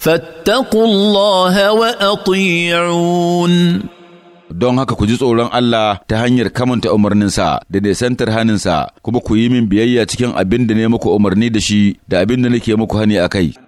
فاتقوا الله وأطيعون don haka ku ji tsoron Allah ta hanyar kamanta umarninsa da santar haninsa kuma ku yi min biyayya cikin abin da ne muku umarni da shi da abin da nake muku hani a kai.